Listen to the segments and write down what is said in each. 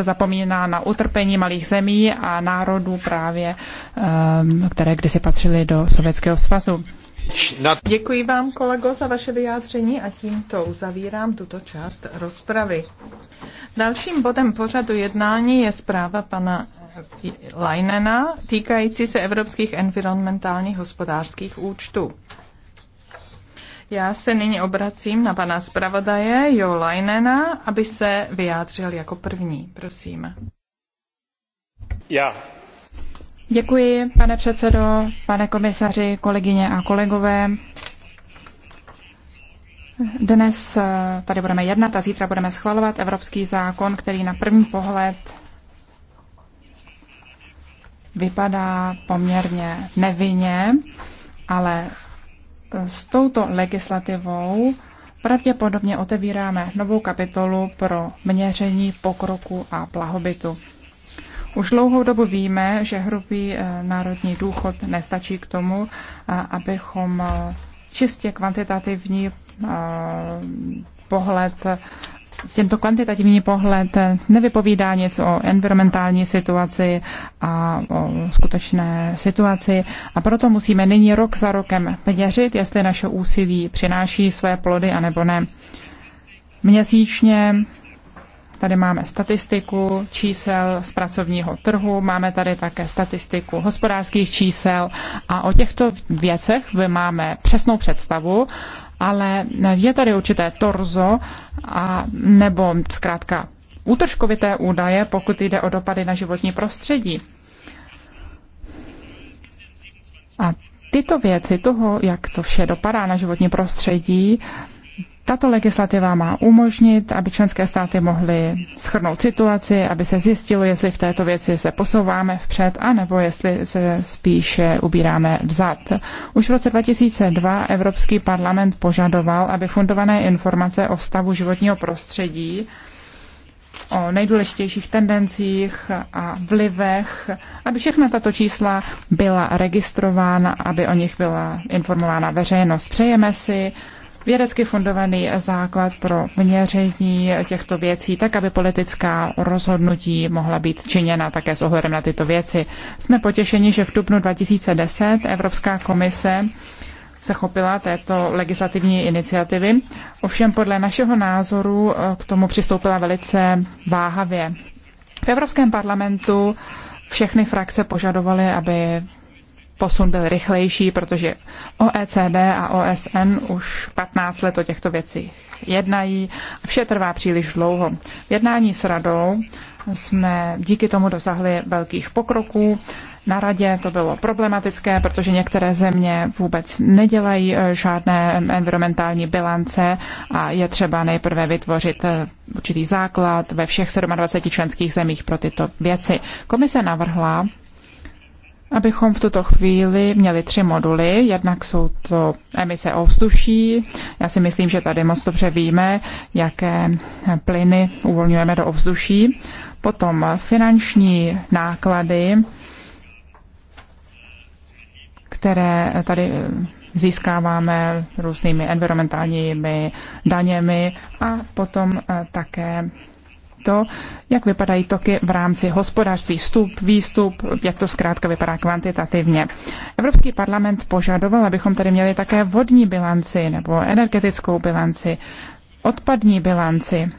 zapomíná na utrpení malých zemí a národů právě, ehm, které kdysi patřily do Sovětského svazu. Děkuji vám, kolego, za vaše vyjádření a tímto uzavírám tuto část rozpravy. Dalším bodem pořadu jednání je zpráva pana Leinena týkající se evropských environmentálních hospodářských účtů. Já se nyní obracím na pana zpravodaje Jo Leinena, aby se vyjádřil jako první. Prosím. Já. Děkuji, pane předsedo, pane komisaři, kolegyně a kolegové. Dnes eh, tady budeme jednat a zítra budeme schvalovat evropský zákon, který na první pohled vypadá poměrně nevinně, ale s touto legislativou pravděpodobně otevíráme novou kapitolu pro měření pokroku a blahobytu. Už dlouhou dobu víme, že hrubý eh, národní důchod nestačí k tomu, eh, abychom eh, čistě kvantitativní pohled tento kvantitativní pohled nevypovídá nic o environmentální situaci a o skutečné situaci a proto musíme nyní rok za rokem měřit, jestli naše úsilí přináší své plody anebo ne. Měsíčně Tady máme statistiku čísel z pracovního trhu, máme tady také statistiku hospodářských čísel a o těchto věcech vy máme přesnou představu ale je tady určité torzo a nebo zkrátka útržkovité údaje, pokud jde o dopady na životní prostředí. A tyto věci, toho, jak to vše dopadá na životní prostředí, tato legislativa má umožnit, aby členské státy mohly schrnout situaci, aby se zjistilo, jestli v této věci se posouváme vpřed, anebo jestli se spíše ubíráme vzad. Už v roce 2002 Evropský parlament požadoval, aby fundované informace o stavu životního prostředí o nejdůležitějších tendencích a vlivech, aby všechna tato čísla byla registrována, aby o nich byla informována veřejnost. Přejeme si, vědecky fundovaný základ pro měření těchto věcí, tak aby politická rozhodnutí mohla být činěna také s ohledem na tyto věci. Jsme potěšeni, že v dubnu 2010 Evropská komise se chopila této legislativní iniciativy. Ovšem podle našeho názoru eh, k tomu přistoupila velice váhavě. V Evropském parlamentu všechny frakce požadovaly, aby posun byl rychlejší, protože OECD a OSN už 15 let o těchto věcích jednají. Vše trvá příliš dlouho. V jednání s radou jsme díky tomu dosahli velkých pokroků. Na radě to bylo problematické, protože některé země vůbec nedělají eh, žádné environmentální bilance a je třeba nejprve vytvořit eh, určitý základ ve všech 27 členských zemích pro tyto věci. Komise navrhla abychom v tuto chvíli měli tři moduly. Jednak jsou to emise ovzduší. Já si myslím, že tady moc dobře víme, jaké plyny uvolňujeme do ovzduší. Potom finanční náklady, které tady eh, získáváme různými environmentálními daněmi a potom eh, také to, jak vypadají toky v rámci hospodářství, vstup, výstup, jak to zkrátka vypadá kvantitativně. Evropský parlament požadoval, abychom tady měli také vodní bilanci nebo energetickou bilanci, odpadní bilanci,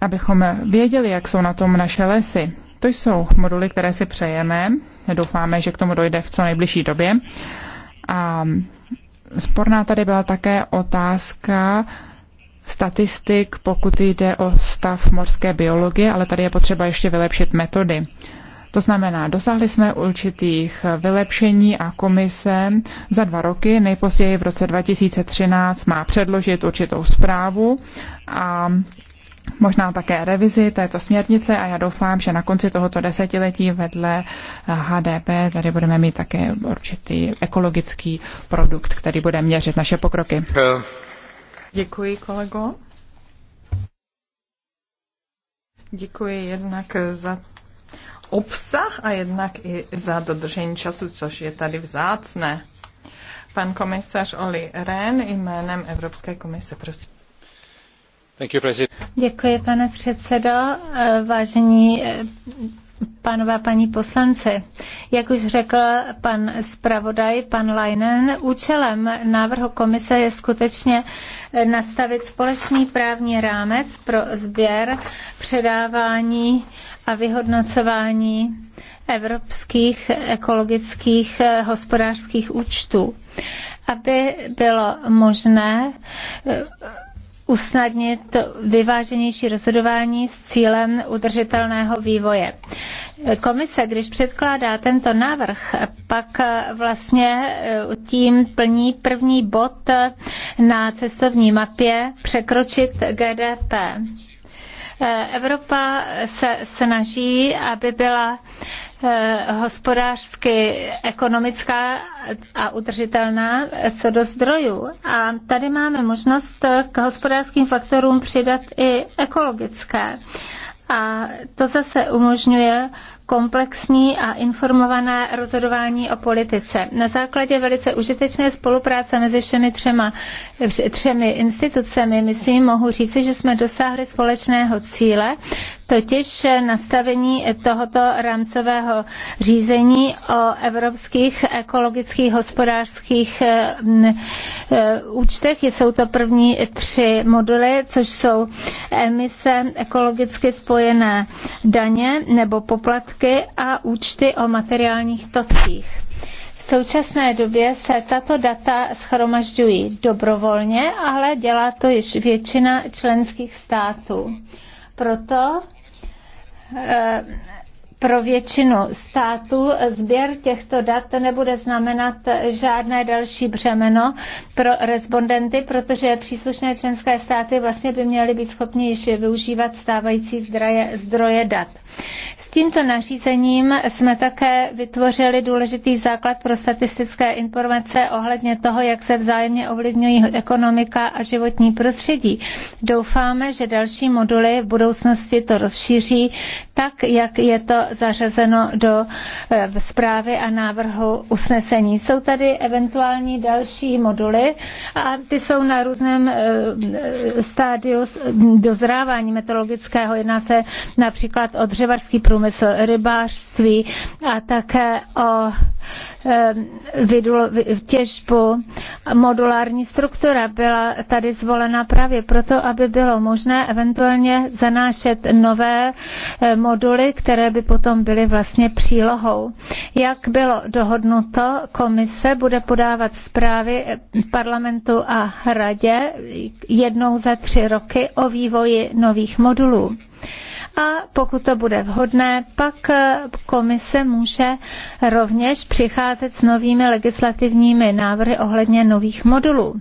abychom věděli, jak jsou na tom naše lesy. To jsou moduly, které si přejeme. Doufáme, že k tomu dojde v co nejbližší době. A sporná tady byla také otázka statistik, pokud jde o stav morské biologie, ale tady je potřeba ještě vylepšit metody. To znamená, dosáhli jsme určitých vylepšení a komise za dva roky, nejpozději v roce 2013, má předložit určitou zprávu a možná také revizi této směrnice a já doufám, že na konci tohoto desetiletí vedle HDP tady budeme mít také určitý ekologický produkt, který bude měřit naše pokroky. Eh, Děkuji, kolego. Děkuji jednak za obsah a jednak i za dodržení času, což je tady vzácné. Pan komisař Oli Rehn jménem Evropské komise, prosím. You, Děkuji, pane předsedo. Vážení eh, pánové, paní poslanci. Jak už řekl pan zpravodaj, pan Leinen, účelem návrhu komise je skutečně nastavit společný právní rámec pro sběr, předávání a vyhodnocování evropských ekologických hospodářských účtů, aby bylo možné usnadnit vyváženější rozhodování s cílem udržitelného vývoje. Komise, když předkládá tento návrh, pak vlastně e, tím plní první bod na cestovní mapě překročit GDP. E, Evropa se snaží, aby byla Eh, hospodářsky ekonomická a udržitelná eh, co do zdrojů. A tady máme možnost eh, k hospodářským faktorům přidat i ekologické. A to zase umožňuje komplexní a informované rozhodování o politice. Na základě velice užitečné spolupráce mezi všemi třema, třemi institucemi, myslím, mohu říci, že jsme dosáhli společného cíle, totiž nastavení tohoto rámcového řízení o evropských ekologických hospodářských mm, eh, účtech. Jsou to první tři moduly, což jsou emise ekologicky spojené daně nebo poplatky svědky a účty o materiálních tocích. V současné době se tato data schromažďují dobrovolně, ale dělá to již většina členských států. Proto eh, pro většinu států sběr těchto dat nebude znamenat žádné další břemeno pro respondenty, protože příslušné členské státy vlastně by měly být schopni již využívat stávající zdroje, zdroje dat. S tímto nařízením jsme také vytvořili důležitý základ pro statistické informace ohledně toho, jak se vzájemně ovlivňují ekonomika a životní prostředí. Doufáme, že další moduly v budoucnosti to rozšíří tak, jak je to zařazeno do eh, zprávy a návrhu usnesení. Jsou tady eventuální další moduly a ty jsou na různém eh, eh, stádiu dozrávání meteorologického. Jedná se například o dřevarský průmysl, rybářství a také o Eh, těžbu. Modulární struktura byla tady zvolena právě proto, aby bylo možné eventuálně zanášet nové eh, moduly, které by potom byly vlastně přílohou. Jak bylo dohodnuto, komise bude podávat zprávy eh, parlamentu a radě jednou za tři roky o vývoji nových modulů a pokud to bude vhodné, pak komise může rovněž přicházet s novými legislativními návrhy ohledně nových modulů.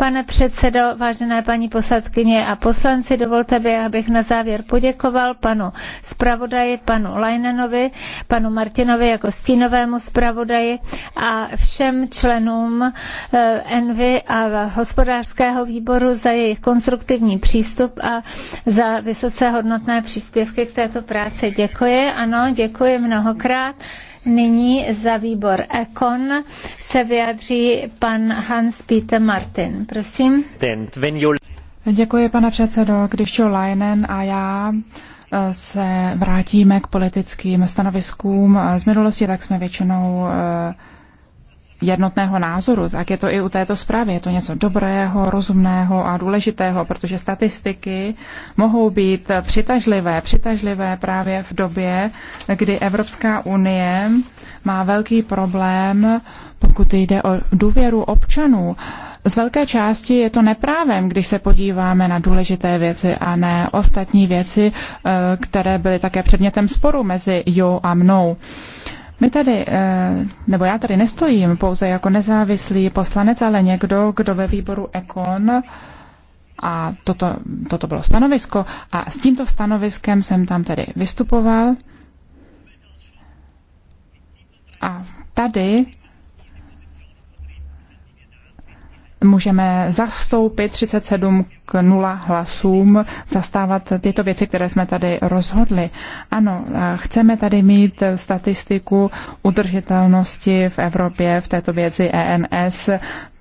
Pane předsedo, vážené paní poslankyně a poslanci, dovolte mi, abych na závěr poděkoval panu zpravodaji, panu Lajnenovi, panu Martinovi jako stínovému zpravodaji a všem členům eh, Envy a hospodářského výboru za jejich konstruktivní přístup a za vysoce hodnotné příspěvky k této práci. Děkuji, ano, děkuji mnohokrát. Nyní za výbor Ekon se vyjadří pan Hans-Peter Martin. Prosím. Děkuji, pane předsedo. Když Jo Leinen a já eh, se vrátíme k politickým stanoviskům eh, z minulosti, tak jsme většinou eh, jednotného názoru, tak je to i u této zprávy. Je to něco dobrého, rozumného a důležitého, protože statistiky mohou být přitažlivé, přitažlivé právě v době, kdy Evropská unie má velký problém, pokud jde o důvěru občanů. Z velké části je to neprávem, když se podíváme na důležité věci a ne ostatní věci, eh, které byly také předmětem sporu mezi jo a mnou. My tady, eh, nebo já tady nestojím pouze jako nezávislý poslanec, ale někdo, kdo ve výboru Ekon a toto, toto bylo stanovisko a s tímto stanoviskem jsem tam tedy vystupoval a tady můžeme zastoupit 37 k 0 hlasům, zastávat tyto věci, které jsme tady rozhodli. Ano, chceme tady mít statistiku udržitelnosti v Evropě v této věci ENS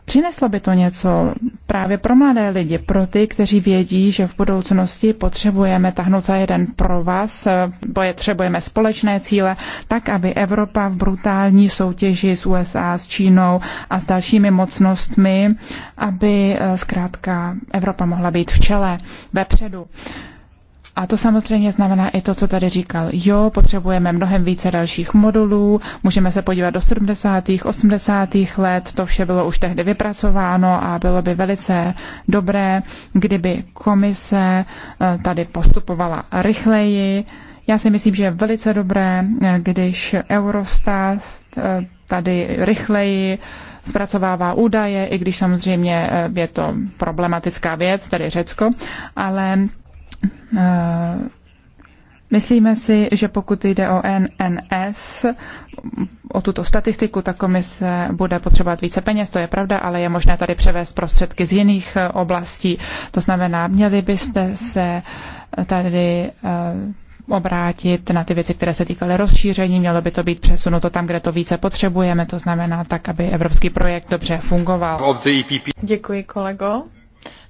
Přineslo by to něco právě pro mladé lidi, pro ty, kteří vědí, že v budoucnosti potřebujeme tahnout za jeden pro vás, potřebujeme společné cíle, tak aby Evropa v brutální soutěži s USA, s Čínou a s dalšími mocnostmi, aby eh, zkrátka Evropa mohla být v čele, vepředu. A to samozřejmě znamená i to, co tady říkal. Jo, potřebujeme mnohem více dalších modulů, můžeme se podívat do 70. 80. let, to vše bylo už tehdy vypracováno a bylo by velice dobré, kdyby komise eh, tady postupovala rychleji. Já si myslím, že je velice dobré, eh, když Eurostat eh, tady rychleji zpracovává údaje, i když samozřejmě je to problematická věc, tady Řecko, ale Eh, myslíme si, že pokud jde o NNS, o tuto statistiku, tak komise bude potřebovat více peněz, to je pravda, ale je možné tady převést prostředky z jiných eh, oblastí. To znamená, měli byste se eh, tady obrátit na ty věci, které se týkaly rozšíření, mělo by to být přesunuto tam, kde to více potřebujeme, to znamená tak, aby evropský projekt dobře fungoval. Děkuji kolego.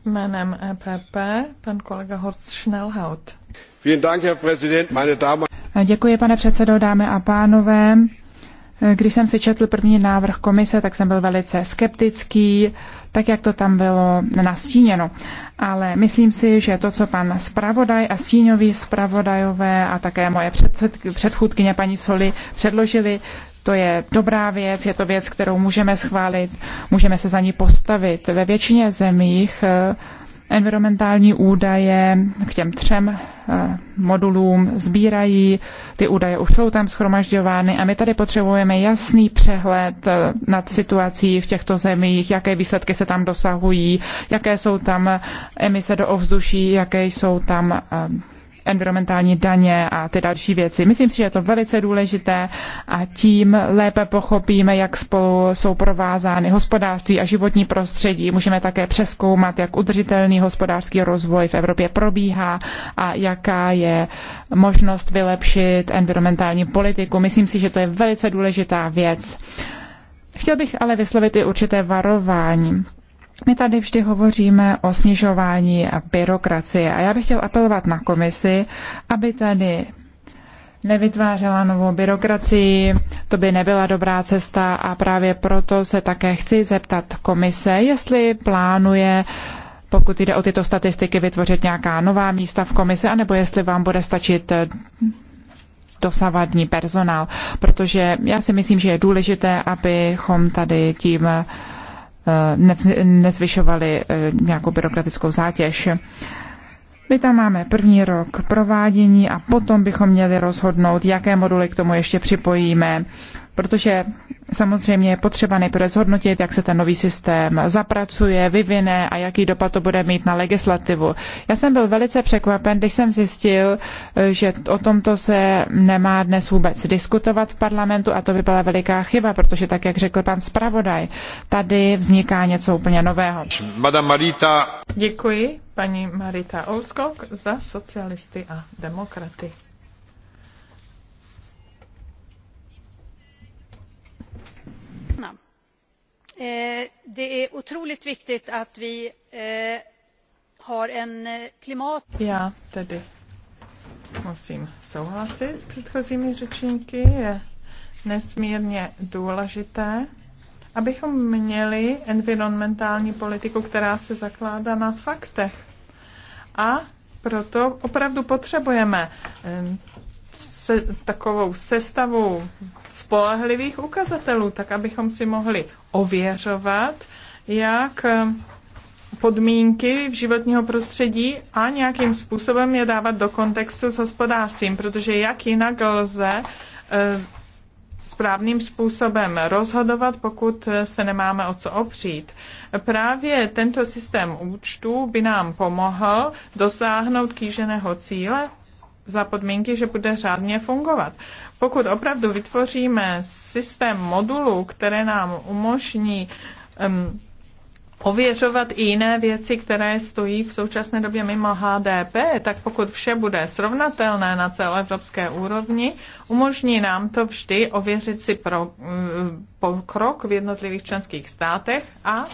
Jménem EPP pan kolega Horst Schnellhaut. Děkuji, pane předsedo, dámy a pánové. Když jsem si četl první návrh komise, tak jsem byl velice skeptický, tak jak to tam bylo nastíněno. Ale myslím si, že to, co pan zpravodaj a stíňový zpravodajové a také moje předchůdkyně paní Soli předložili, to je dobrá věc, je to věc, kterou můžeme schválit, můžeme se za ní postavit. Ve většině zemích eh, environmentální údaje k těm třem eh, modulům sbírají. Ty údaje už jsou tam schromažďovány a my tady potřebujeme jasný přehled eh, nad situací v těchto zemích, jaké výsledky se tam dosahují, jaké jsou tam emise do ovzduší, jaké jsou tam environmentální daně a ty další věci. Myslím si, že je to velice důležité a tím lépe pochopíme, jak spolu jsou provázány hospodářství a životní prostředí. Můžeme také přeskoumat, jak udržitelný hospodářský rozvoj v Evropě probíhá a jaká je možnost vylepšit environmentální politiku. Myslím si, že to je velice důležitá věc. Chtěl bych ale vyslovit i určité varování. My tady vždy hovoříme o snižování a byrokracie a já bych chtěl apelovat na komisi, aby tady nevytvářela novou byrokracii, to by nebyla dobrá cesta a právě proto se také chci zeptat komise, jestli plánuje pokud jde o tyto statistiky, vytvořit nějaká nová místa v komisi, anebo jestli vám bude stačit eh, dosavadní personál, protože já si myslím, že je důležité, abychom tady tím eh, Eh, nezvyšovaly eh, nějakou byrokratickou zátěž. My tam máme první rok provádění a potom bychom měli rozhodnout, jaké moduly k tomu ještě připojíme, protože samozřejmě je potřeba nejprve zhodnotit, jak se ten nový systém zapracuje, vyvine a jaký dopad to bude mít na legislativu. Já jsem byl velice překvapen, když jsem zjistil, že o tomto se nemá dnes vůbec diskutovat v parlamentu a to by byla veliká chyba, protože tak, jak řekl pan zpravodaj, tady vzniká něco úplně nového. Madam Marita. Děkuji paní Marita Olskok za socialisty a demokraty. Eh, det är otroligt viktigt att vi eh, har en eh, klimat... Já tedy musím souhlasit s předchozími řečníky. Je nesmírně důležité, abychom měli environmentální politiku, která se zakládá na faktech. A proto opravdu potřebujeme se, takovou sestavu spolehlivých ukazatelů, tak abychom si mohli ověřovat, jak eh, podmínky v životního prostředí a nějakým způsobem je dávat do kontextu s hospodářstvím, protože jak jinak lze eh, správným způsobem rozhodovat, pokud eh, se nemáme o co opřít. Právě tento systém účtů by nám pomohl dosáhnout kýženého cíle, za podmínky, že bude řádně fungovat. Pokud opravdu vytvoříme systém modulů, které nám umožní um, ověřovat i jiné věci, které stojí v současné době mimo HDP, tak pokud vše bude srovnatelné na celé evropské úrovni, umožní nám to vždy ověřit si pro, pokrok v jednotlivých členských státech a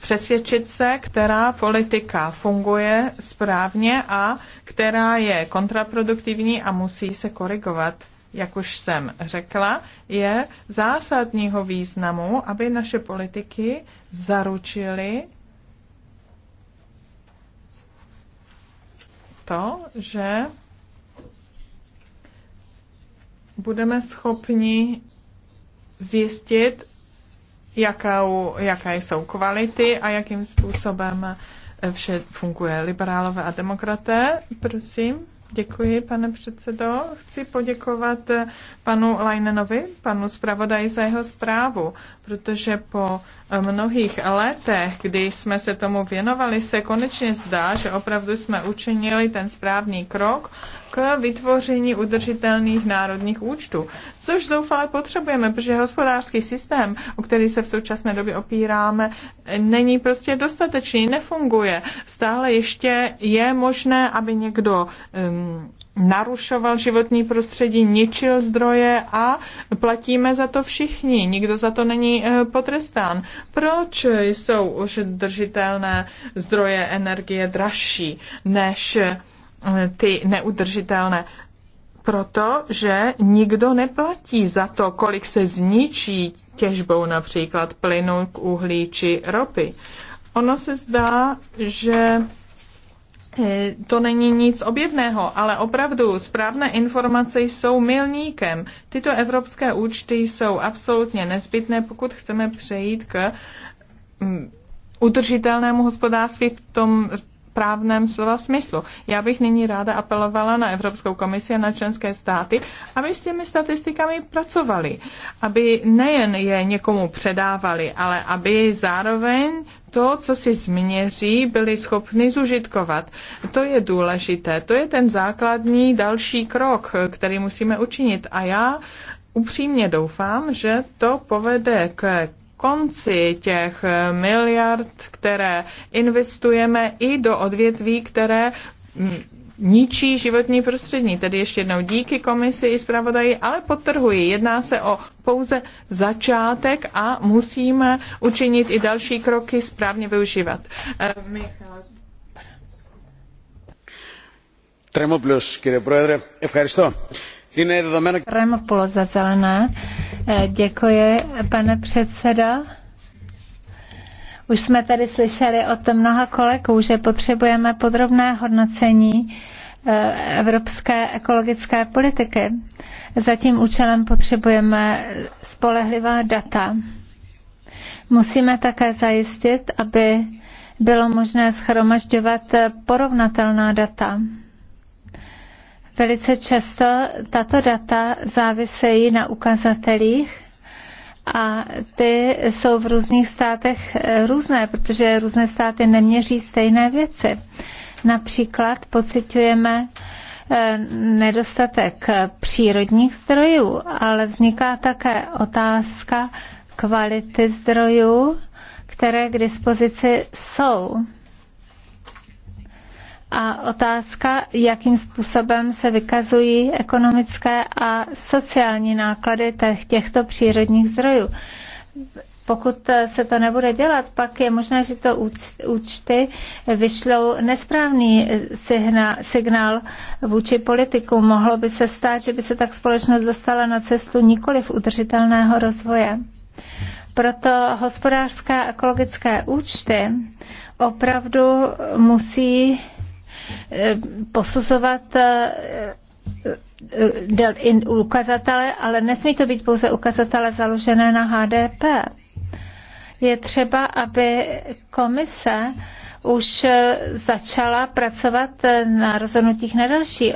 přesvědčit se, která politika funguje správně a která je kontraproduktivní a musí se korigovat. Jak už jsem řekla, je zásadního významu, aby naše politiky zaručily to, že budeme schopni zjistit, jakou, jaké jsou kvality a jakým způsobem vše funguje. Liberálové a demokraté, prosím. Děkuji, pane předsedo. Chci poděkovat panu Lajnenovi, panu zpravodaji za jeho zprávu protože po eh, mnohých letech, kdy jsme se tomu věnovali, se konečně zdá, že opravdu jsme učinili ten správný krok k vytvoření udržitelných národních účtů, což zoufale potřebujeme, protože hospodářský systém, o který se v současné době opíráme, není prostě dostatečný, nefunguje. Stále ještě je možné, aby někdo um, narušoval životní prostředí, ničil zdroje a platíme za to všichni. Nikdo za to není eh, potrestán. Proč jsou už držitelné zdroje energie dražší než eh, ty neudržitelné? Proto, že nikdo neplatí za to, kolik se zničí těžbou například plynu, uhlí či ropy. Ono se zdá, že Eh, to není nic objevného, ale opravdu správné informace jsou milníkem. Tyto evropské účty jsou absolutně nezbytné, pokud chceme přejít k mm, udržitelnému hospodářství v tom právném slova smyslu. Já bych nyní ráda apelovala na Evropskou komisi a na členské státy, aby s těmi statistikami pracovali, aby nejen je někomu předávali, ale aby zároveň to, co si změří, byli schopni zužitkovat. To je důležité. To je ten základní další krok, který musíme učinit. A já upřímně doufám, že to povede k konci těch miliard, které investujeme i do odvětví, které ničí životní prostředí. Tedy ještě jednou díky komisi i zpravodaji, ale podtrhuji, jedná se o pouze začátek a musíme učinit i další kroky správně využívat. Eh, Michal. Tremopoulos, kýre projedre, ευχαριστώ. za zelené. Eh, děkuji, pane předseda. Už jsme tady slyšeli od mnoha kolegů, že potřebujeme podrobné hodnocení eh, evropské ekologické politiky. Za tím účelem potřebujeme spolehlivá data. Musíme také zajistit, aby bylo možné schromažďovat porovnatelná data. Velice často tato data závisejí na ukazatelích, a ty jsou v různých státech eh, různé, protože různé státy neměří stejné věci. Například pocitujeme eh, nedostatek přírodních zdrojů, ale vzniká také otázka kvality zdrojů, které k dispozici jsou. A otázka, jakým způsobem se vykazují ekonomické a sociální náklady těch těchto přírodních zdrojů pokud se to nebude dělat, pak je možné, že to účty vyšlou nesprávný signál vůči politiku. Mohlo by se stát, že by se tak společnost dostala na cestu nikoli v udržitelného rozvoje. Proto hospodářské a ekologické účty opravdu musí Eh, posuzovat eh, eh, ukazatele, ale nesmí to být pouze ukazatele založené na HDP. Je třeba, aby komise už začala pracovat na rozhodnutích na další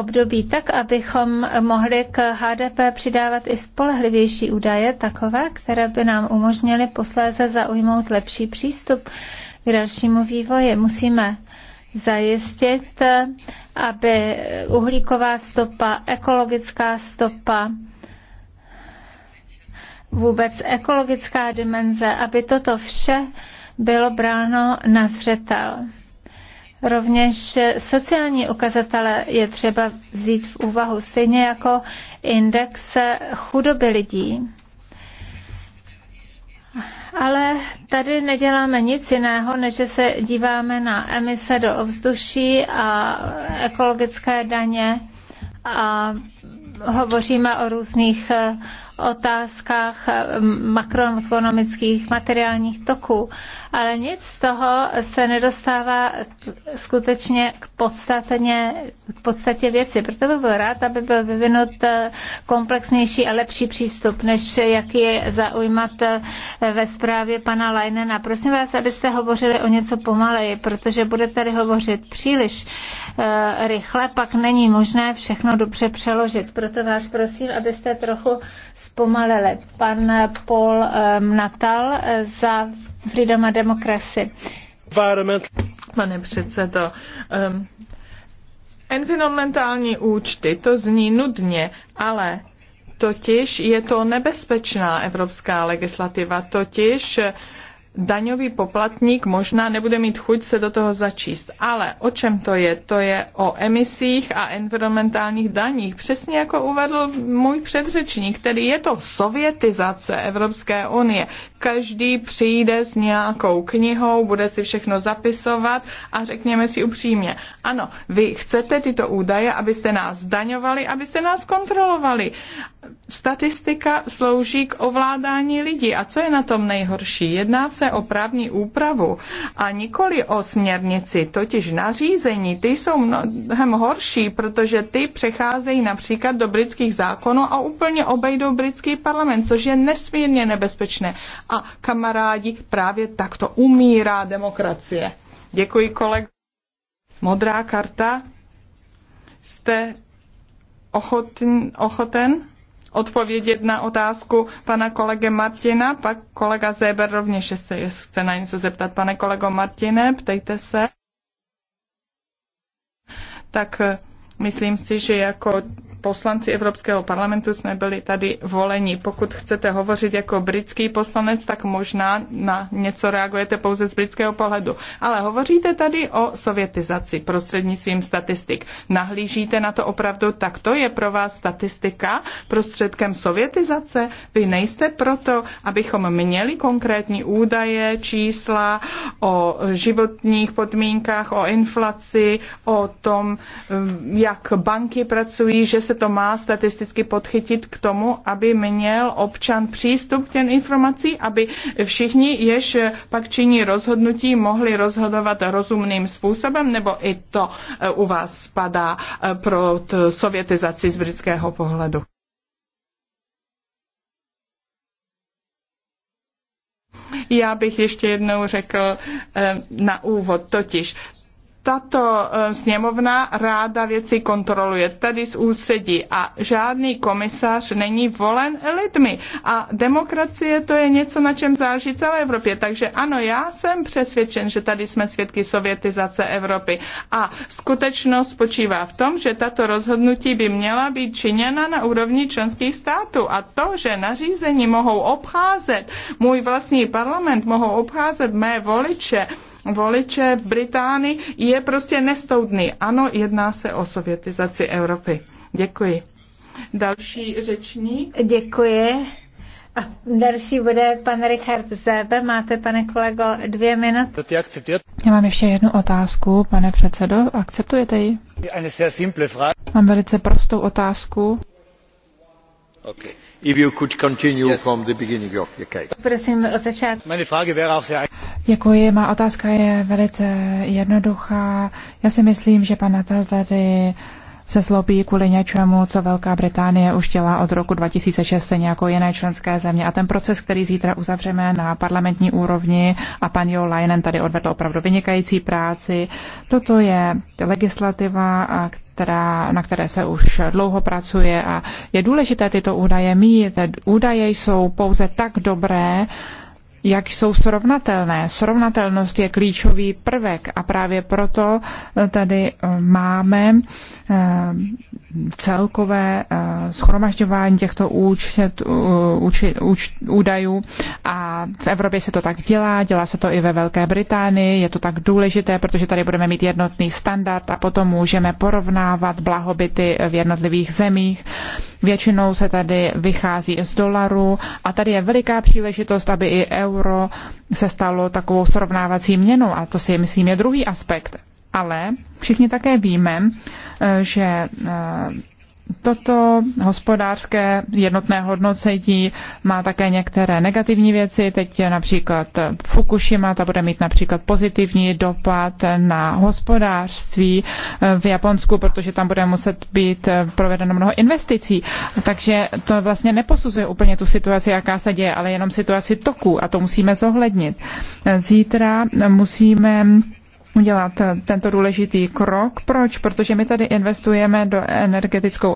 období, tak abychom mohli k HDP přidávat i spolehlivější údaje, takové, které by nám umožnily posléze zaujmout lepší přístup k dalšímu vývoji. Musíme zajistit, aby uhlíková stopa, ekologická stopa, vůbec ekologická dimenze, aby toto vše bylo bráno na zřetel. Rovněž sociální ukazatele je třeba vzít v úvahu, stejně jako index chudoby lidí. Ale tady neděláme nic jiného, než že se díváme na emise do ovzduší a ekologické daně a hovoříme o různých eh, otázkách eh, makroekonomických materiálních toků ale nic z toho se nedostává skutečně k, podstatně, k podstatě věci. Proto bych byl rád, aby byl vyvinut eh, komplexnější a lepší přístup, než jaký je zaujímat eh, ve zprávě pana Leinena. Prosím vás, abyste hovořili o něco pomaleji, protože bude tady hovořit příliš eh, rychle, pak není možné všechno dobře přeložit. Proto vás prosím, abyste trochu zpomalili. Pan Paul Natal za Freedom demokracii. Pane předsedo, um, environmentální účty, to zní nudně, ale totiž je to nebezpečná evropská legislativa, totiž eh, daňový poplatník možná nebude mít chuť se do toho začíst. Ale o čem to je? To je o emisích a environmentálních daních. Přesně jako uvedl můj předřečník, který je to sovětizace Evropské unie každý přijde s nějakou knihou, bude si všechno zapisovat a řekněme si upřímně, ano, vy chcete tyto údaje, abyste nás zdaňovali, abyste nás kontrolovali. Statistika slouží k ovládání lidí. A co je na tom nejhorší? Jedná se o právní úpravu a nikoli o směrnici, totiž nařízení. Ty jsou mnohem horší, protože ty přecházejí například do britských zákonů a úplně obejdou britský parlament, což je nesmírně nebezpečné a kamarádi, právě takto umírá demokracie. Děkuji koleg. Modrá karta. Jste ochoten, ochoten odpovědět na otázku pana kolege Martina, pak kolega Zéber rovněž jestli chce na něco zeptat. Pane kolego Martine, ptejte se. Tak eh, myslím si, že jako poslanci Evropského parlamentu jsme byli tady voleni. Pokud chcete hovořit jako britský poslanec, tak možná na něco reagujete pouze z britského pohledu. Ale hovoříte tady o sovětizaci prostřednictvím statistik. Nahlížíte na to opravdu, tak to je pro vás statistika prostředkem sovětizace. Vy nejste proto, abychom měli konkrétní údaje, čísla o životních podmínkách, o inflaci, o tom, jak banky pracují, že se se to má statisticky podchytit k tomu, aby měl občan přístup k těm informacím, aby všichni, jež pak činí rozhodnutí, mohli rozhodovat rozumným způsobem, nebo i to eh, u vás spadá eh, pro sovětizaci z britského pohledu? Já bych ještě jednou řekl eh, na úvod, totiž tato eh, sněmovna ráda věci kontroluje tady z úsedí a žádný komisař není volen lidmi. A demokracie to je něco, na čem záží celé Evropě. Takže ano, já jsem přesvědčen, že tady jsme svědky sovětizace Evropy. A skutečnost spočívá v tom, že tato rozhodnutí by měla být činěna na úrovni členských států. A to, že nařízení mohou obcházet můj vlastní parlament, mohou obcházet mé voliče, voliče Británii je prostě nestoudný. Ano, jedná se o sovětizaci Evropy. Děkuji. Další řečník. Děkuji. A další bude pan Richard Zebe. Máte, pane kolego, dvě minuty. Já mám ještě jednu otázku, pane předsedo. Akceptujete ji? Mám velice prostou otázku. Okay. If you could continue yes. from the beginning. Okay. Prosím, od začátku. Děkuji. Má otázka je velice jednoduchá. Já si myslím, že pan Natal tady se zlobí kvůli něčemu, co Velká Británie už dělá od roku 2006 jako jiné členské země. A ten proces, který zítra uzavřeme na parlamentní úrovni a pan Jo Leinen tady odvedl opravdu vynikající práci. Toto je legislativa, která, na které se už dlouho pracuje a je důležité tyto údaje mít. Údaje jsou pouze tak dobré, jak jsou srovnatelné. Srovnatelnost je klíčový prvek a právě proto eh, tady eh, máme eh, celkové schromažďování těchto účet, úč, úč, údajů a v Evropě se to tak dělá, dělá se to i ve Velké Británii, je to tak důležité, protože tady budeme mít jednotný standard a potom můžeme porovnávat blahobyty v jednotlivých zemích. Většinou se tady vychází z dolaru a tady je veliká příležitost, aby i EU euro se stalo takovou srovnávací měnou a to si myslím je druhý aspekt. Ale všichni také víme, eh, že eh, toto hospodářské jednotné hodnocení má také některé negativní věci. Teď například Fukushima, ta bude mít například pozitivní dopad na hospodářství eh, v Japonsku, protože tam bude muset být eh, provedeno mnoho investicí. Takže to vlastně neposuzuje úplně tu situaci, jaká se děje, ale jenom situaci toku a to musíme zohlednit. Eh, Zítra musíme udělat eh, tento důležitý krok. Proč? Protože my tady investujeme do energetickou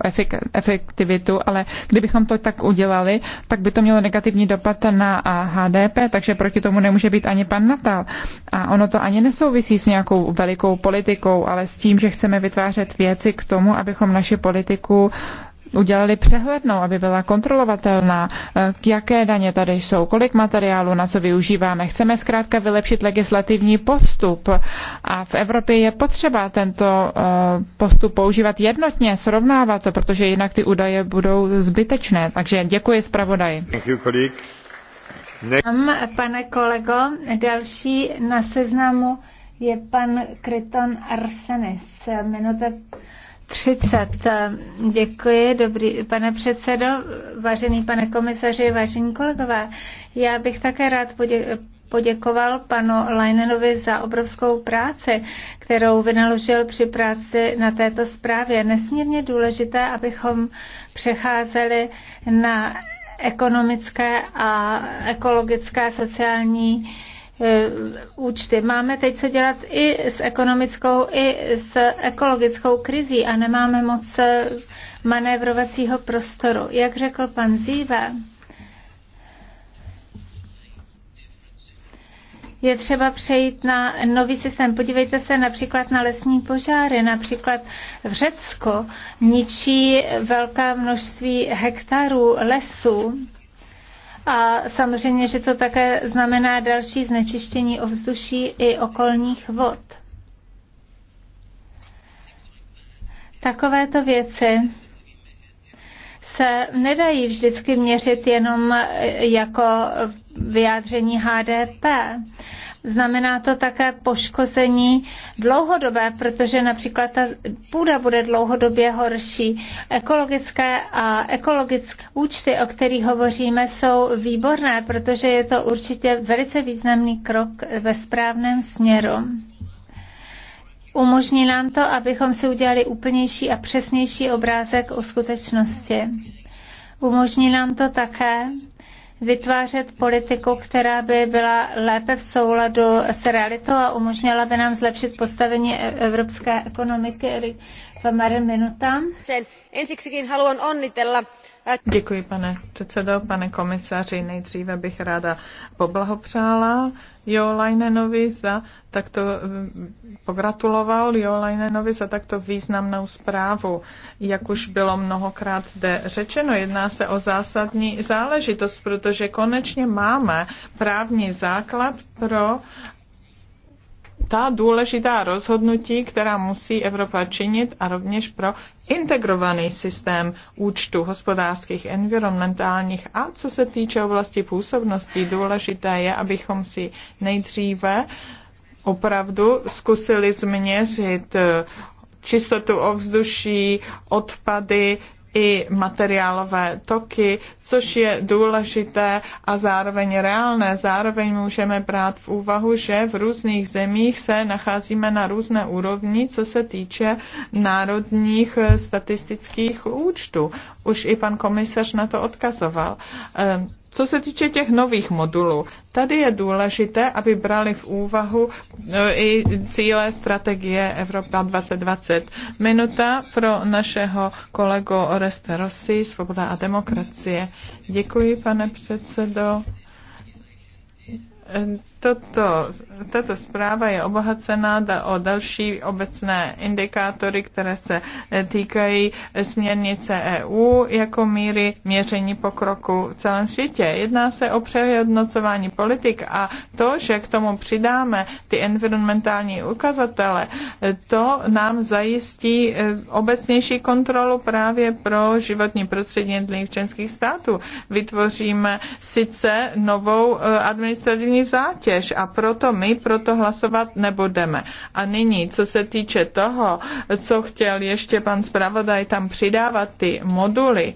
efektivitu, ale kdybychom to tak udělali, tak by to mělo negativní dopad na HDP, eh, takže proti tomu nemůže být ani pan Natal. A ono to ani nesouvisí s nějakou velikou politikou, ale s tím, že chceme vytvářet věci k tomu, abychom naši politiku udělali přehlednou, aby byla kontrolovatelná, eh, k jaké daně tady jsou, kolik materiálu, na co využíváme. Chceme zkrátka vylepšit legislativní postup a v Evropě je potřeba tento eh, postup používat jednotně, srovnávat to, protože jinak ty údaje budou zbytečné. Takže děkuji zpravodaji. Ne- Pane kolego, další na seznamu je pan Kryton Arsenis. Minuta 30. Děkuji, dobrý pane předsedo, vážený pane komisaři, vážení kolegové. Já bych také rád podě- poděkoval panu Leinenovi za obrovskou práci, kterou vynaložil při práci na této zprávě. Nesmírně důležité, abychom přecházeli na ekonomické a ekologické sociální E, účty. Máme teď co dělat i s ekonomickou, i s ekologickou krizí a nemáme moc e, manévrovacího prostoru. Jak řekl pan Zíva, je třeba přejít na nový systém. Podívejte se například na lesní požáry. Například v Řecko ničí velká množství hektarů lesů a samozřejmě, že to také znamená další znečištění ovzduší i okolních vod. Takovéto věci se nedají vždycky měřit jenom jako vyjádření HDP, Znamená to také poškození dlouhodobé, protože například ta půda bude dlouhodobě horší. Ekologické a ekologické účty, o kterých hovoříme, jsou výborné, protože je to určitě velice významný krok ve správném směru. Umožní nám to, abychom si udělali úplnější a přesnější obrázek o skutečnosti. Umožní nám to také, vytvářet politiku, která by byla lépe v souladu s realitou a umožnila by nám zlepšit postavení evropské ekonomiky. Děkuji, pane předsedo, pane komisaři. Nejdříve bych ráda poblahopřála Jo Leinenovi za takto eh, pogratuloval Jo Leinenovi za takto významnou zprávu. Jak už bylo mnohokrát zde řečeno, jedná se o zásadní záležitost, protože konečně máme právní základ pro ta důležitá rozhodnutí, která musí Evropa činit a rovněž pro integrovaný systém účtu hospodářských, environmentálních a co se týče oblasti působnosti, důležité je, abychom si nejdříve opravdu zkusili změřit eh, čistotu ovzduší, odpady, i materiálové toky, což je důležité a zároveň reálné. Zároveň můžeme brát v úvahu, že v různých zemích se nacházíme na různé úrovni, co se týče národních statistických účtů. Už i pan komisař na to odkazoval. Ehm, co se týče těch nových modulů, tady je důležité, aby brali v úvahu e, i cíle strategie Evropa 2020. Minuta pro našeho kolegu Oreste Rossi, Svoboda a demokracie. Děkuji, pane předsedo e, Toto, tato zpráva je obohacená o další obecné indikátory, které se eh, týkají směrnice EU jako míry měření pokroku v celém světě. Jedná se o přehodnocování politik a to, že k tomu přidáme ty environmentální ukazatele, eh, to nám zajistí eh, obecnější kontrolu právě pro životní prostředí jednotlivých členských států. Vytvoříme sice novou administrativní zátěž, soutěž a proto my proto hlasovat nebudeme. A nyní, co se týče toho, co chtěl ještě pan zpravodaj tam přidávat ty moduly,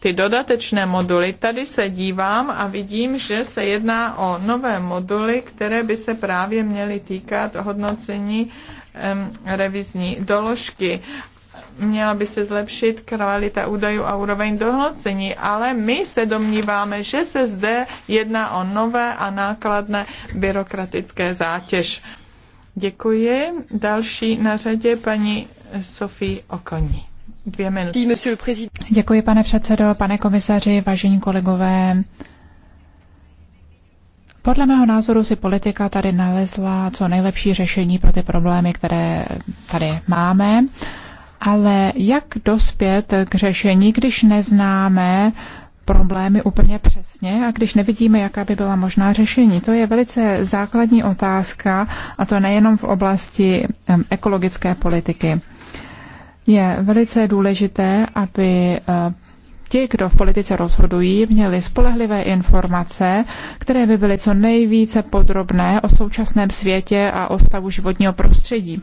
ty dodatečné moduly. Tady se dívám a vidím, že se jedná o nové moduly, které by se právě měly týkat hodnocení revizní doložky měla by se zlepšit kvalita údajů a úroveň dohlocení, ale my se domníváme, že se zde jedná o nové a nákladné byrokratické zátěž. Děkuji. Další na řadě paní Sofie Okoní. Dvě minuty. Děkuji, pane předsedo, pane komisaři, vážení kolegové. Podle mého názoru si politika tady nalezla co nejlepší řešení pro ty problémy, které tady máme. Ale jak dospět k řešení, když neznáme problémy úplně přesně a když nevidíme, jaká by byla možná řešení. To je velice základní otázka a to nejenom v oblasti ekologické politiky. Je velice důležité, aby e, ti, kdo v politice rozhodují, měli spolehlivé informace, které by byly co nejvíce podrobné o současném světě a o stavu životního prostředí.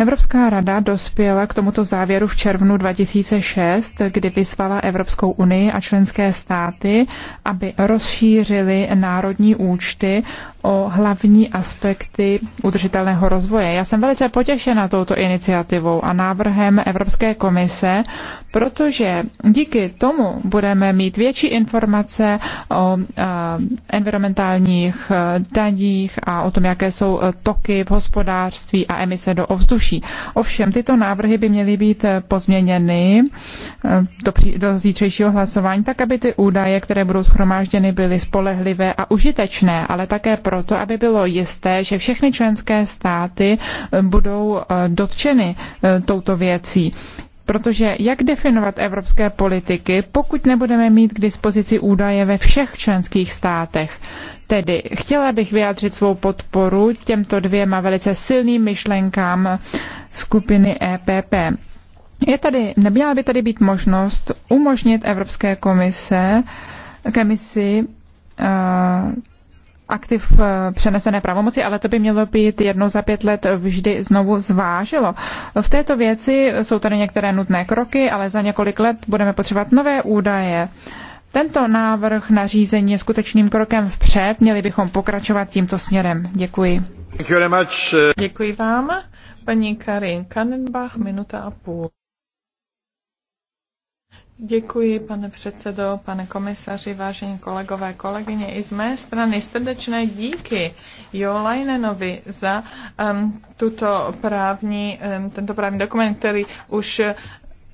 Evropská rada dospěla k tomuto závěru v červnu 2006, kdy vyzvala Evropskou unii a členské státy, aby rozšířili národní účty o hlavní aspekty udržitelného rozvoje. Já jsem velice potěšena touto iniciativou a návrhem Evropské komise, protože díky tomu budeme mít větší informace o eh, environmentálních eh, daních a o tom, jaké jsou eh, toky v hospodářství a emise do ovzduší. Ovšem, tyto návrhy by měly být pozměněny do, pří, do zítřejšího hlasování, tak aby ty údaje, které budou schromážděny, byly spolehlivé a užitečné, ale také proto, aby bylo jisté, že všechny členské státy eh, budou eh, dotčeny eh, touto věcí. Protože jak definovat evropské politiky, pokud nebudeme mít k dispozici údaje ve všech členských státech? Tedy chtěla bych vyjádřit svou podporu těmto dvěma velice silným myšlenkám skupiny EPP. Je tady, neměla by tady být možnost umožnit Evropské komise, komisi uh, aktiv eh, přenesené pravomoci, ale to by mělo být jednou za pět let vždy znovu zvážilo. V této věci jsou tady některé nutné kroky, ale za několik let budeme potřebovat nové údaje. Tento návrh na řízení je skutečným krokem vpřed, měli bychom pokračovat tímto směrem. Děkuji. Děkuji vám. Paní Karin Kannenbach, minuta a půl. Děkuji, pane předsedo, pane komisaři, vážení kolegové, kolegyně. I z mé strany srdečné díky Jo Leinenovi za um, tuto právní, um, tento právní dokument, který už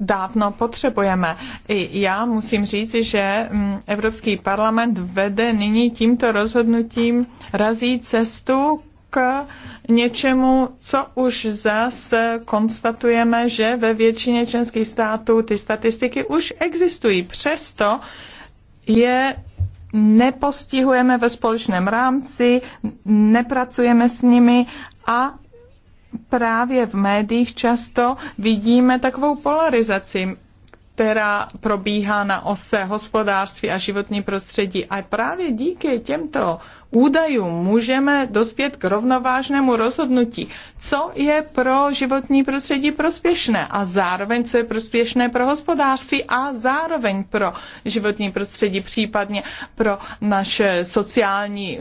dávno potřebujeme. I já musím říct, že um, Evropský parlament vede nyní tímto rozhodnutím razí cestu něčemu, co už zase konstatujeme, že ve většině členských států ty statistiky už existují. Přesto je nepostihujeme ve společném rámci, nepracujeme s nimi a právě v médiích často vidíme takovou polarizaci která probíhá na ose hospodářství a životní prostředí. A právě díky těmto údajům můžeme dospět k rovnovážnému rozhodnutí, co je pro životní prostředí prospěšné a zároveň, co je prospěšné pro hospodářství a zároveň pro životní prostředí, případně pro naše sociální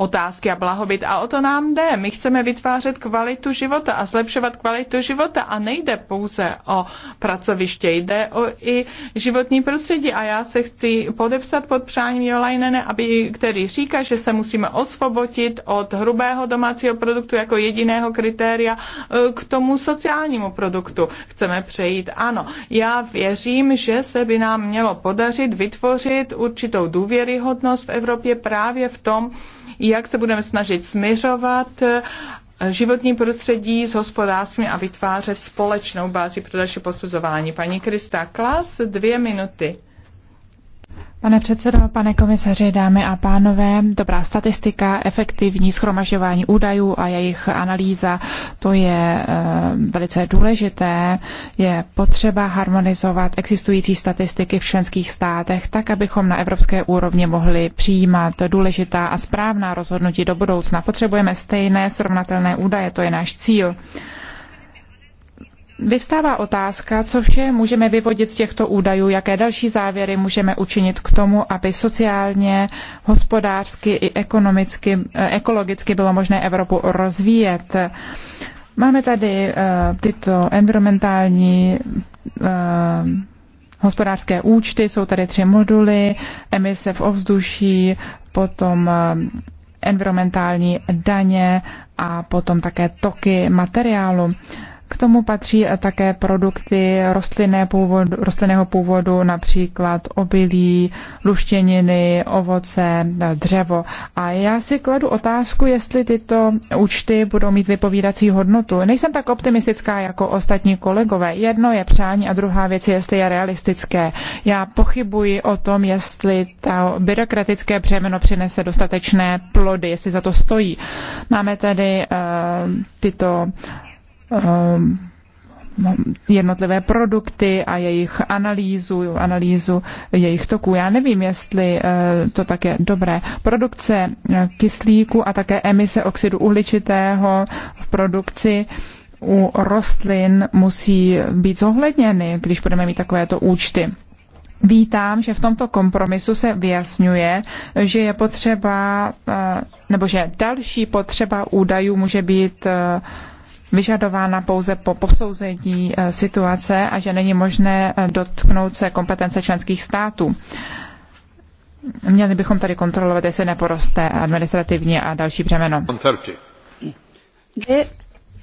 otázky a blahobyt. A o to nám jde. My chceme vytvářet kvalitu života a zlepšovat kvalitu života. A nejde pouze o pracoviště, jde o i životní prostředí. A já se chci podepsat pod přáním Jolajnene, aby, který říká, že se musíme osvobodit od hrubého domácího produktu jako jediného kritéria eh, k tomu sociálnímu produktu. Chceme přejít. Ano, já věřím, že se by nám mělo podařit vytvořit určitou důvěryhodnost v Evropě právě v tom, jak se budeme snažit směřovat eh, životní prostředí s hospodářstvím a vytvářet společnou bázi pro další posuzování. Paní Krista Klas, dvě minuty. Pane předsedo, pane komisaři, dámy a pánové, dobrá statistika, efektivní schromažďování údajů a jejich analýza, to je eh, velice důležité. Je potřeba harmonizovat existující statistiky v členských státech tak, abychom na evropské úrovni mohli přijímat důležitá a správná rozhodnutí do budoucna. Potřebujeme stejné srovnatelné údaje, to je náš cíl. Vyvstává otázka, co vše můžeme vyvodit z těchto údajů, jaké další závěry můžeme učinit k tomu, aby sociálně, hospodářsky i ekonomicky, eh, ekologicky bylo možné Evropu rozvíjet. Máme tady eh, tyto environmentální eh, hospodářské účty, jsou tady tři moduly, emise v ovzduší, potom environmentální daně a potom také toky materiálu. K tomu patří také produkty rostlinné původu, rostlinného původu, například obilí, luštěniny, ovoce, dřevo. A já si kladu otázku, jestli tyto účty budou mít vypovídací hodnotu. Nejsem tak optimistická jako ostatní kolegové. Jedno je přání a druhá věc je, jestli je realistické. Já pochybuji o tom, jestli ta byrokratické břemeno přinese dostatečné plody, jestli za to stojí. Máme tady uh, tyto Ehm, jednotlivé produkty a jejich analýzu, analýzu jejich toků. Já nevím, jestli eh, to tak je dobré. Produkce eh, kyslíku a také emise oxidu uhličitého v produkci u rostlin musí být zohledněny, když budeme mít takovéto účty. Vítám, že v tomto kompromisu se vyjasňuje, že je potřeba, eh, nebo že další potřeba údajů může být vyžadována pouze po posouzení eh, situace a že není možné eh, dotknout se kompetence členských států. Měli bychom tady kontrolovat, jestli neporoste administrativní a další břemeno.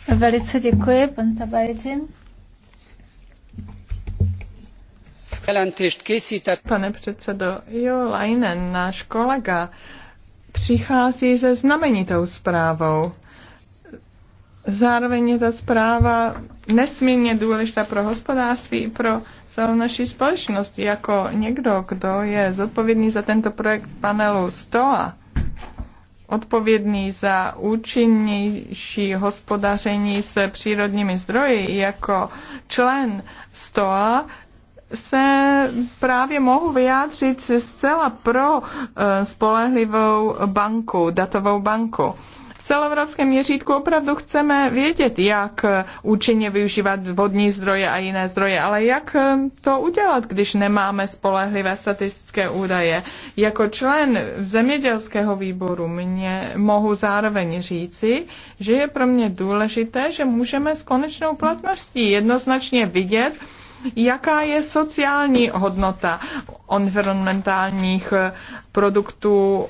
Velice děkuji, pan Tabajdžin. Pane předsedo, Jo Leinen, náš kolega, přichází se znamenitou zprávou. Zároveň je ta zpráva nesmírně důležitá pro hospodářství i pro celou naší společnost. Jako někdo, kdo je zodpovědný za tento projekt panelu STOA, odpovědný za účinnější hospodaření s přírodními zdroji, jako člen STOA, se právě mohu vyjádřit zcela pro eh, spolehlivou banku, datovou banku celoevropském měřítku opravdu chceme vědět, jak účinně využívat vodní zdroje a jiné zdroje, ale jak ehm, to udělat, když nemáme spolehlivé statistické údaje. Jako člen zemědělského výboru mě mohu zároveň říci, že je pro mě důležité, že můžeme s konečnou platností jednoznačně vidět, jaká je sociální hodnota environmentálních eh, produktů,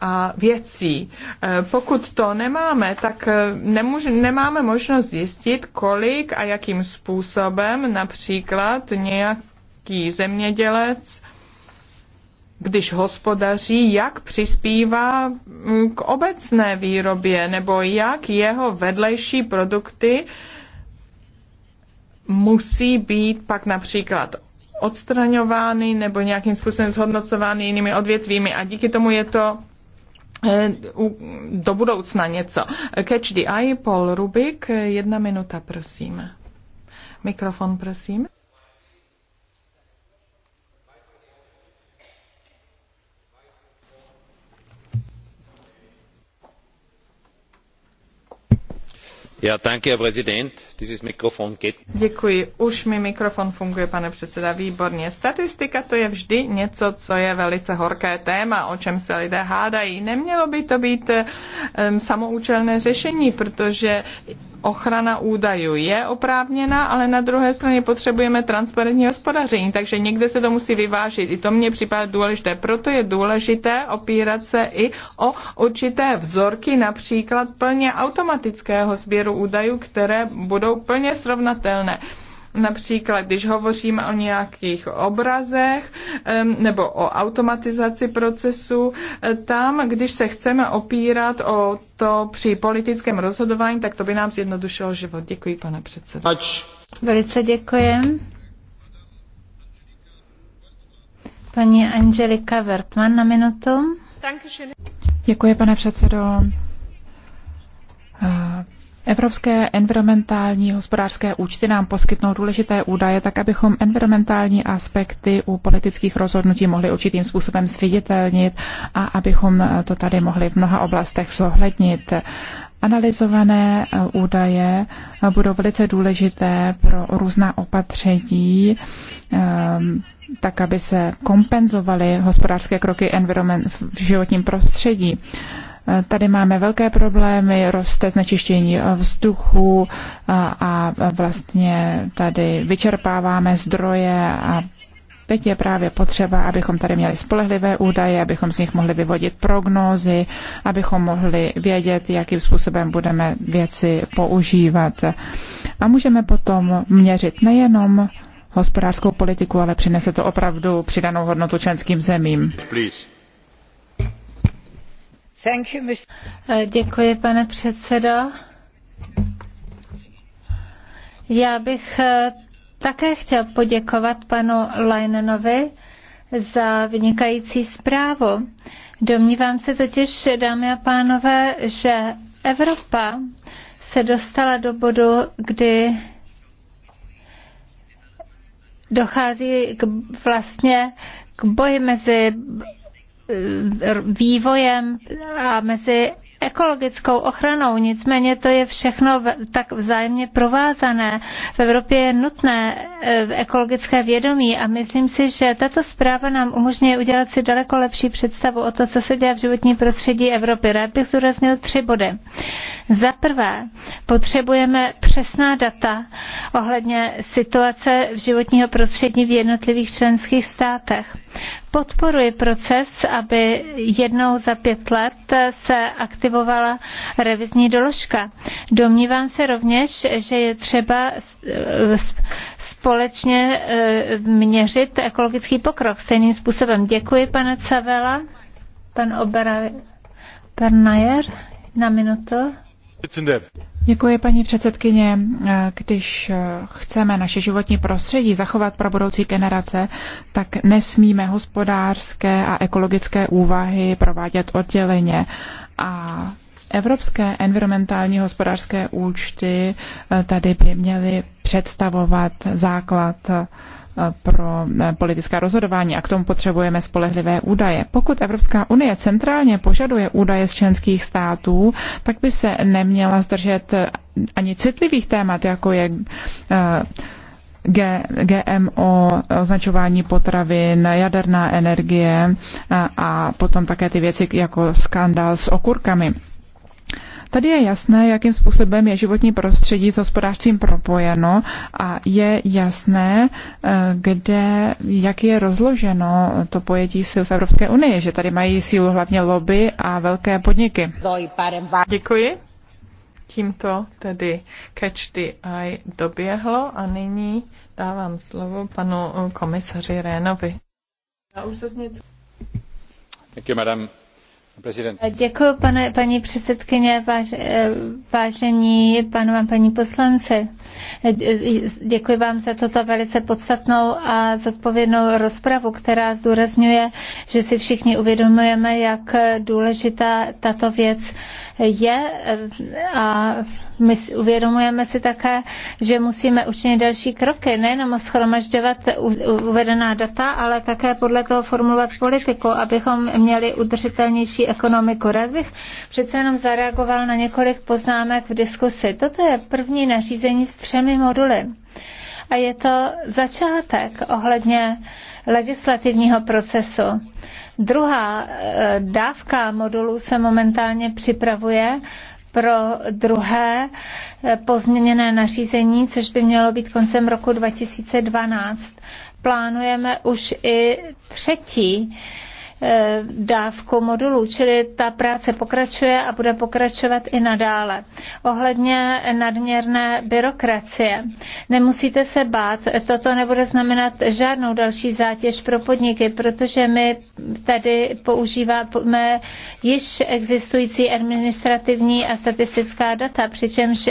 a věcí. E, pokud to nemáme, tak e, nemůž, nemáme možnost zjistit, kolik a jakým způsobem například nějaký zemědělec když hospodaří, jak přispívá mm, k obecné výrobě nebo jak jeho vedlejší produkty musí být pak například odstraňovány nebo nějakým způsobem zhodnocovány jinými odvětvími a díky tomu je to Eh, do budoucna něco. Catch the eye, Paul Rubik, jedna minuta, prosím. Mikrofon, prosím. Děkuji. Už mi mikrofon funguje, pane předseda, výborně. Statistika to je vždy něco, co je velice horké téma, o čem se lidé hádají. Nemělo by to být um, samoučelné řešení, protože ochrana údajů je oprávněna, ale na druhé straně potřebujeme transparentní hospodaření, takže někde se to musí vyvážit. I to mně připadá důležité. Proto je důležité opírat se i o určité vzorky, například plně automatického sběru údajů, které budou plně srovnatelné. Například, když hovoříme o nějakých obrazech nebo o automatizaci procesu, eh, tam, když se chceme opírat o to při politickém rozhodování, tak to by nám zjednodušilo život. Děkuji, pane předsedo. Velice děkujem. Paní Angelika Wertmann na minutu. Děkuji, pane předsedo. Evropské environmentální hospodářské účty nám poskytnou důležité údaje, tak abychom environmentální aspekty u politických rozhodnutí mohli určitým způsobem zviditelnit a abychom to tady mohli v mnoha oblastech zohlednit. Analyzované eh, údaje eh, budou velice důležité pro různá opatření, eh, tak aby se kompenzovaly hospodářské kroky environment v životním prostředí. Tady máme velké problémy, roste znečištění vzduchu a, vlastně tady vyčerpáváme zdroje a Teď je právě potřeba, abychom tady měli spolehlivé údaje, abychom z nich mohli vyvodit prognózy, abychom mohli vědět, jakým způsobem budeme věci používat. A můžeme potom měřit nejenom hospodářskou politiku, ale přinese to opravdu přidanou hodnotu členským zemím. Please. Děkuji, pane předsedo. Já bych eh, také chtěl poděkovat panu Leinenovi za vynikající zprávu. Domnívám se totiž, dámy a pánové, že Evropa se dostala do bodu, kdy dochází k vlastně k boji mezi vývojem a mezi ekologickou ochranou, nicméně to je všechno tak vzájemně provázané. V Evropě je nutné e, ekologické vědomí a myslím si, že tato zpráva nám umožňuje udělat si daleko lepší představu o to, co se děje v životním prostředí Evropy. Rád bych zúraznil tři body. Za prvé, potřebujeme přesná data ohledně situace v životního prostředí v jednotlivých členských státech. Podporuji proces, aby jednou za pět let se aktivovala revizní doložka. Domnívám se rovněž, že je třeba eh, společně eh, měřit ekologický pokrok stejným způsobem. Děkuji, pane Cavela. Pan Obera Pernajer na minutu. Děkuji, paní předsedkyně. Když chceme naše životní prostředí zachovat pro budoucí generace, tak nesmíme hospodářské a ekologické úvahy provádět odděleně. A Evropské environmentální hospodářské účty tady by měly představovat základ pro eh, politická rozhodování a k tomu potřebujeme spolehlivé údaje. Pokud Evropská unie centrálně požaduje údaje z členských států, tak by se neměla zdržet eh, ani citlivých témat, jako je eh, GMO, označování potravin, jaderná energie a potom také ty věci jako skandál s okurkami. Tady je jasné, jakým způsobem je životní prostředí s hospodářstvím propojeno a je jasné, eh, kde, jak je rozloženo to pojetí sil v Evropské unii, že tady mají sílu hlavně lobby a velké podniky. Děkuji. Tímto tedy Catch the Eye doběhlo a nyní dávám slovo panu komisaři Rénovi. Já už se z něco... Děkuji, madame. Eh, děkuji, pane, paní předsedkyně, váž, eh, vážení pánové, paní poslanci. Eh, děkuji vám za toto velice podstatnou a zodpovědnou rozpravu, která zdůrazňuje, že si všichni uvědomujeme, jak důležitá tato věc je je a my uvědomujeme si také, že musíme učinit další kroky, nejenom schromažďovat uvedená data, ale také podle toho formulovat politiku, abychom měli udržitelnější ekonomiku. Rád bych přece jenom zareagoval na několik poznámek v diskusi. Toto je první nařízení s třemi moduly a je to začátek ohledně legislativního procesu. Druhá eh, dávka modulů se momentálně připravuje pro druhé eh, pozměněné nařízení, což by mělo být koncem roku 2012. Plánujeme už i třetí Eh, dávku modulů, čili ta práce pokračuje a bude pokračovat i nadále. Ohledně nadměrné byrokracie. Nemusíte se bát, toto nebude znamenat žádnou další zátěž pro podniky, protože my tady používáme již existující administrativní a statistická data, přičemž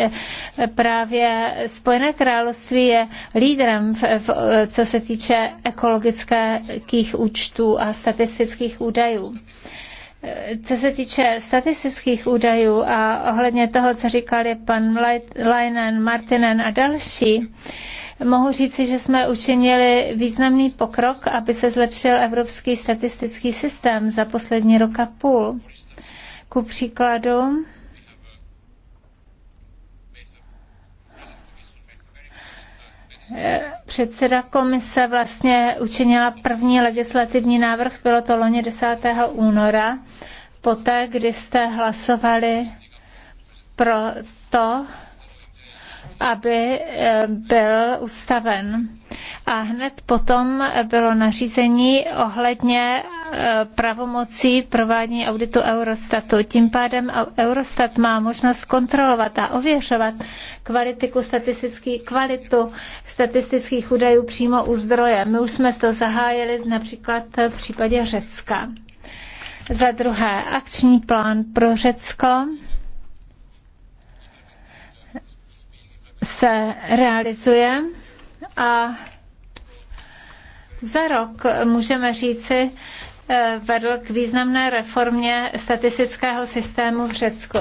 právě Spojené království je lídrem, v, v, co se týče ekologických účtů a statistických statistických údajů. Co se týče statistických údajů a ohledně toho, co říkali pan Leinen, Martinen a další, mohu říci, že jsme učinili významný pokrok, aby se zlepšil evropský statistický systém za poslední roka půl. Ku příkladu, předseda komise vlastně učinila první legislativní návrh, bylo to loni 10. února, poté, kdy jste hlasovali pro to, aby eh, byl ustaven. A hned potom bylo nařízení ohledně eh, pravomocí provádění auditu Eurostatu. Tím pádem Eurostat má možnost kontrolovat a ověřovat kvalitu statistických, kvalitu statistických údajů přímo u zdroje. My už jsme to zahájili například v případě Řecka. Za druhé, akční plán pro Řecko se realizuje a za rok můžeme říci, eh, vedl k významné reformě statistického systému v Řecku.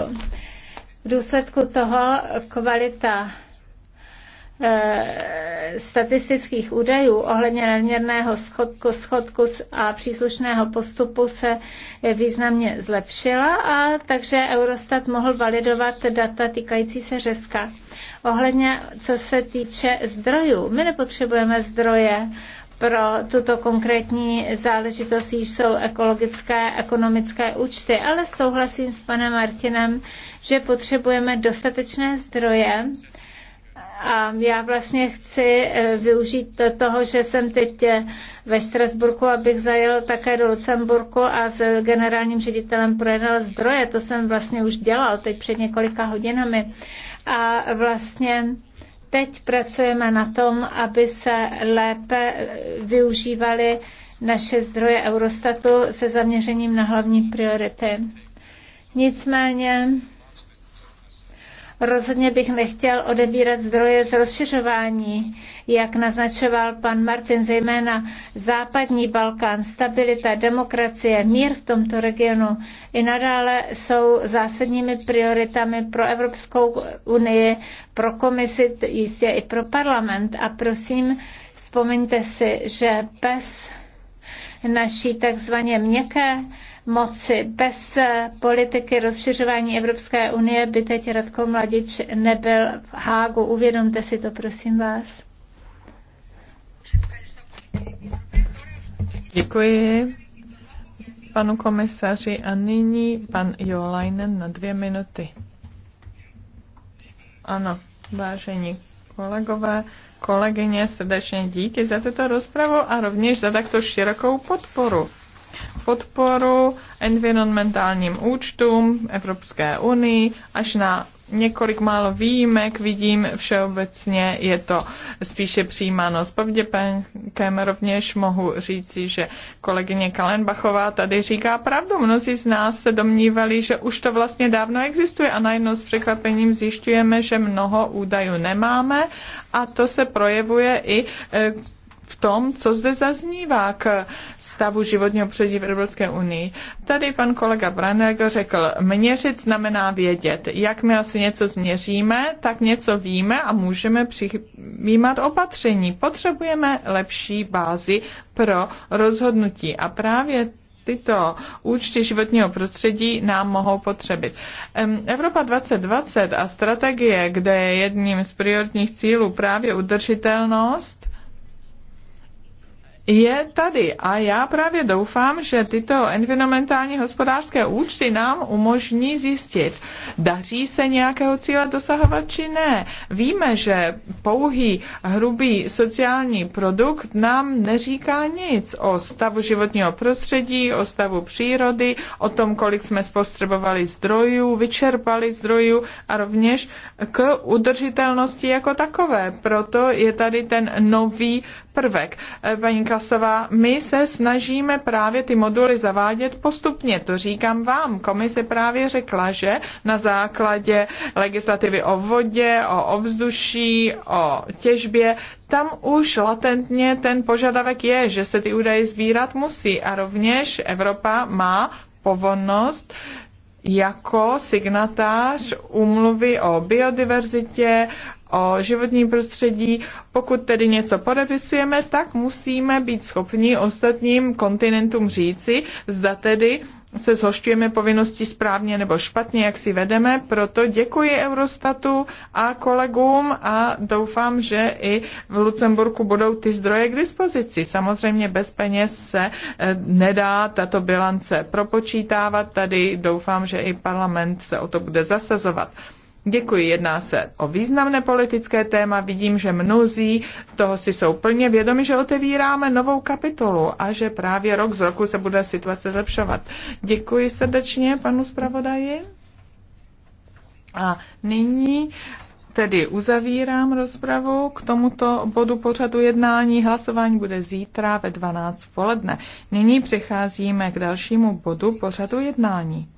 V důsledku toho kvalita eh, statistických údajů ohledně nadměrného schodku, schodku a příslušného postupu se významně zlepšila a takže Eurostat mohl validovat data týkající se Řecka. Ohledně, co se týče zdrojů, my nepotřebujeme zdroje pro tuto konkrétní záležitost, již jsou ekologické, ekonomické účty, ale souhlasím s panem Martinem, že potřebujeme dostatečné zdroje, a já vlastně chci eh, využít to toho, že jsem teď eh, ve Štrasburku, abych zajel také do Lucemburku a s generálním ředitelem projednal zdroje. To jsem vlastně už dělal teď před několika hodinami a vlastně teď pracujeme na tom, aby se lépe využívaly naše zdroje Eurostatu se zaměřením na hlavní priority. Nicméně Rozhodně bych nechtěl odebírat zdroje z rozšiřování, jak naznačoval pan Martin, zejména západní Balkán, stabilita, demokracie, mír v tomto regionu i nadále jsou zásadními prioritami pro Evropskou unii, pro komisi, jistě i pro parlament. A prosím, vzpomeňte si, že bez naší takzvaně měkké moci. Bez eh, politiky rozšiřování Evropské unie by teď Radko Mladič nebyl v Hágu. Uvědomte si to, prosím vás. Děkuji panu komisaři a nyní pan Jolajnen na dvě minuty. Ano, vážení kolegové, kolegyně, srdečně díky za tuto rozpravu a rovněž za takto širokou podporu podporu environmentálním účtům Evropské unii, až na několik málo výjimek vidím všeobecně, je to spíše přijímáno s povděpenkem. Rovněž mohu říci, že kolegyně Kalenbachová tady říká pravdu. Mnozí z nás se domnívali, že už to vlastně dávno existuje a najednou s překvapením zjišťujeme, že mnoho údajů nemáme a to se projevuje i eh, v tom, co zde zaznívá k stavu životního prostředí v Evropské unii. Tady pan kolega Branek řekl, měřit znamená vědět. Jakmile si něco změříme, tak něco víme a můžeme přijímat opatření. Potřebujeme lepší bázi pro rozhodnutí a právě tyto účty životního prostředí nám mohou potřebit. Evropa 2020 a strategie, kde je jedním z prioritních cílů právě udržitelnost, je tady a já právě doufám, že tyto environmentální hospodářské účty nám umožní zjistit, daří se nějakého cíle dosahovat či ne. Víme, že pouhý hrubý sociální produkt nám neříká nic o stavu životního prostředí, o stavu přírody, o tom, kolik jsme spotřebovali zdrojů, vyčerpali zdrojů a rovněž k udržitelnosti jako takové. Proto je tady ten nový prvek. Eh, paní Klasová, my se snažíme právě ty moduly zavádět postupně. To říkám vám. Komise právě řekla, že na základě legislativy o vodě, o ovzduší, o těžbě, tam už latentně ten požadavek je, že se ty údaje sbírat musí. A rovněž Evropa má povinnost jako signatář úmluvy o biodiverzitě, o životním prostředí. Pokud tedy něco podepisujeme, tak musíme být schopni ostatním kontinentům říci, zda tedy se zhošťujeme povinnosti správně nebo špatně, jak si vedeme. Proto děkuji Eurostatu a kolegům a doufám, že i v Lucemburku budou ty zdroje k dispozici. Samozřejmě bez peněz se eh, nedá tato bilance propočítávat. Tady doufám, že i parlament se o to bude zasazovat. Děkuji, jedná se o významné politické téma. Vidím, že mnozí toho si jsou plně vědomi, že otevíráme novou kapitolu a že právě rok z roku se bude situace zlepšovat. Děkuji srdečně panu zpravodaji. A nyní tedy uzavírám rozpravu. K tomuto bodu pořadu jednání hlasování bude zítra ve 12 poledne. Nyní přecházíme k dalšímu bodu pořadu jednání.